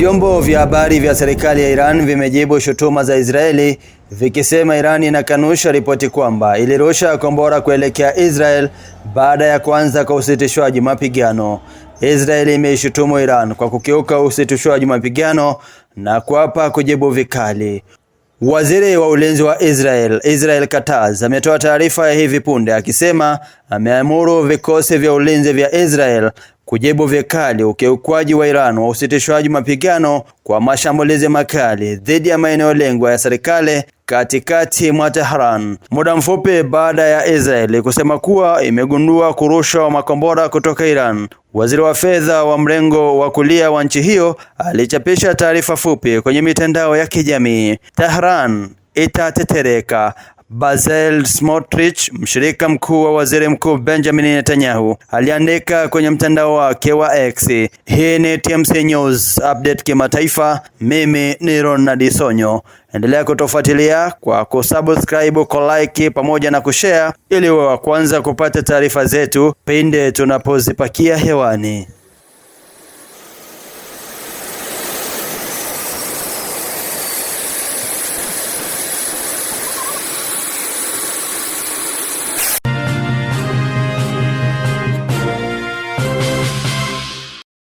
Vyombo vya habari vya serikali ya Iran vimejibu shutuma za Israeli vikisema Iran inakanusha ripoti kwamba ilirusha kombora kuelekea Israel baada ya kuanza kwa usitishwaji mapigano. Israel imeishutumu Iran kwa kukiuka usitishwaji mapigano na kuapa kujibu vikali. Waziri wa ulinzi wa Israel, Israel Katz, ametoa taarifa ya hivi punde akisema ameamuru vikosi vya ulinzi vya Israel kujibu vikali ukiukwaji wa Iran wa usitishwaji mapigano kwa mashambulizi makali dhidi ya maeneo lengwa ya serikali katikati mwa Tehran, muda mfupi baada ya Israeli kusema kuwa imegundua kurushwa makombora kutoka Iran Waziri wa fedha wa mrengo wa kulia wa nchi hiyo alichapisha taarifa fupi kwenye mitandao ya kijamii. Tehran itatetereka Basel Smotrich, mshirika mkuu wa waziri mkuu Benjamin Netanyahu, aliandika kwenye mtandao wake wa X. Hii ni TMC News Update kimataifa. Mimi ni Ronald Sonyo. Endelea kutofuatilia kwa kusubscribe, kulike pamoja na kushare ili uwe wa kwanza kupata taarifa zetu pinde tunapozipakia hewani.